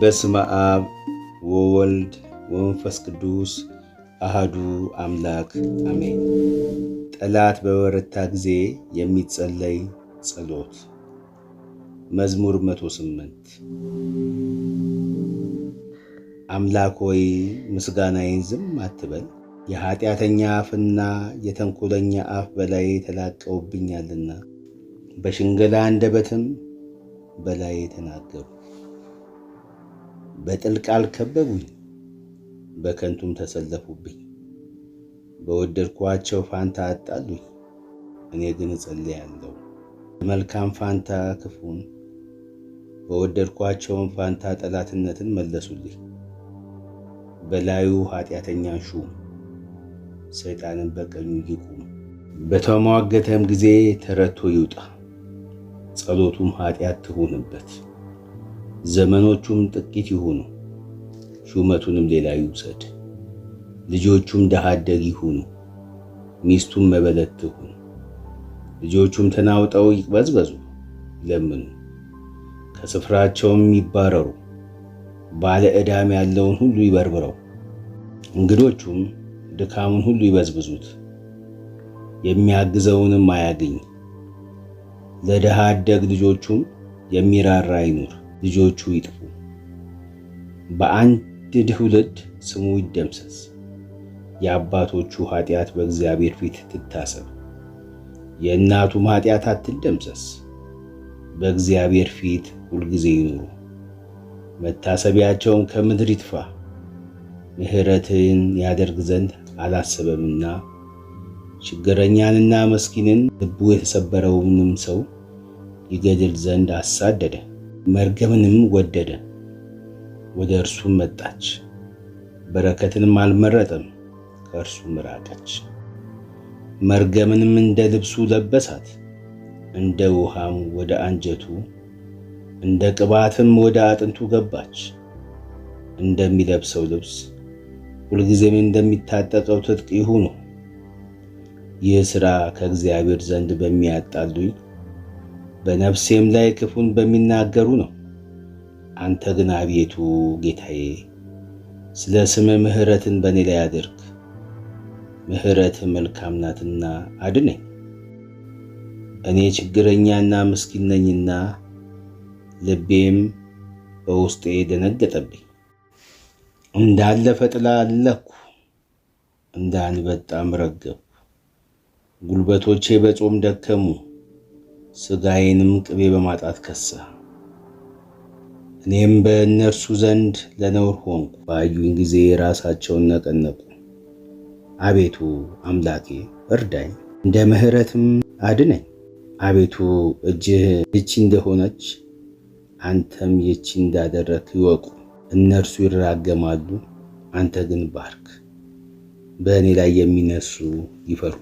በስመ አብ ወወልድ ወመንፈስ ቅዱስ አህዱ አምላክ አሜን። ጠላት በበረታ ጊዜ የሚጸለይ ጸሎት መዝሙር 108 አምላክ ሆይ ምስጋናዬን ዝም አትበል። የኃጢአተኛ አፍና የተንኮለኛ አፍ በላይ ተላቀውብኛልና በሽንገላ አንደበትም በላይ ተናገሩ። በጥልቅ አልከበቡኝ፣ በከንቱም ተሰለፉብኝ። በወደድኳቸው ፋንታ አጣሉኝ። እኔ ግን እጸልያለሁ፣ በመልካም ፋንታ ክፉን፣ በወደድኳቸውን ፋንታ ጠላትነትን መለሱልኝ። በላዩ ኃጢአተኛ ሹም ሰይጣንን በቀኙ ይቁም። በተሟገተም ጊዜ ተረቶ ይውጣ፣ ጸሎቱም ኃጢአት ትሁንበት፣ ዘመኖቹም ጥቂት ይሁኑ፣ ሹመቱንም ሌላ ይውሰድ። ልጆቹም ድሃ አደግ ይሁኑ፣ ሚስቱም መበለት ትሁን። ልጆቹም ተናውጠው ይቅበዝበዙ፣ ይለምኑ፣ ከስፍራቸውም ይባረሩ። ባለ ዕዳም ያለውን ሁሉ ይበርብረው፣ እንግዶቹም ድካሙን ሁሉ ይበዝብዙት፣ የሚያግዘውንም አያግኝ። ለድሃ አደግ ልጆቹም የሚራራ አይኑር፣ ልጆቹ ይጥፉ። በአንድ ትውልድ ስሙ ይደምሰስ። የአባቶቹ ኃጢአት በእግዚአብሔር ፊት ትታሰብ፣ የእናቱም ኃጢአት አትደምሰስ። በእግዚአብሔር ፊት ሁልጊዜ ይኑሩ። መታሰቢያቸውን ከምድር ይጥፋ። ምሕረትን ያደርግ ዘንድ አላሰበምና ችግረኛንና መስኪንን ልቡ የተሰበረውንም ሰው ይገድል ዘንድ አሳደደ። መርገምንም ወደደ፣ ወደ እርሱም መጣች። በረከትንም አልመረጠም፣ ከእርሱም ራቀች። መርገምንም እንደ ልብሱ ለበሳት፣ እንደ ውሃም ወደ አንጀቱ እንደ ቅባትም ወደ አጥንቱ ገባች። እንደሚለብሰው ልብስ ሁልጊዜም እንደሚታጠቀው ትጥቅ ይሁኑ። ይህ ሥራ ከእግዚአብሔር ዘንድ በሚያጣሉኝ በነፍሴም ላይ ክፉን በሚናገሩ ነው። አንተ ግን አቤቱ ጌታዬ ስለ ስም ምሕረትን በእኔ ላይ አድርግ። ምሕረት መልካም ናትና አድነኝ። እኔ ችግረኛና ምስኪን ነኝና ልቤም በውስጤ ደነገጠብኝ። እንዳለፈ ጥላ አለኩ፣ እንደ አንበጣም ረገብኩ። ጉልበቶቼ በጾም ደከሙ፣ ሥጋዬንም ቅቤ በማጣት ከሳ። እኔም በእነርሱ ዘንድ ለነውር ሆንኩ። ባዩኝ ጊዜ ራሳቸውን ነቀነቁ። አቤቱ አምላኬ እርዳኝ፣ እንደ ምሕረትም አድነኝ። አቤቱ እጅህ እቺ እንደሆነች አንተም ይቺ እንዳደረክ ይወቁ። እነርሱ ይራገማሉ፣ አንተ ግን ባርክ። በእኔ ላይ የሚነሱ ይፈሩ፣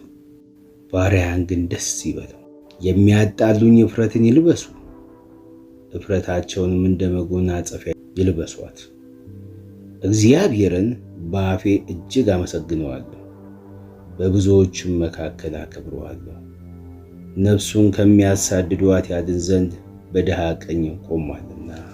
ባሪያን ግን ደስ ይበለው። የሚያጣሉኝ እፍረትን ይልበሱ፣ እፍረታቸውንም እንደ መጎናጸፊያ ይልበሷት። እግዚአብሔርን በአፌ እጅግ አመሰግነዋለሁ፣ በብዙዎችም መካከል አከብረዋለሁ። ነፍሱን ከሚያሳድዷት ያድን ዘንድ በድሃ ቀኝ ቆሟልና።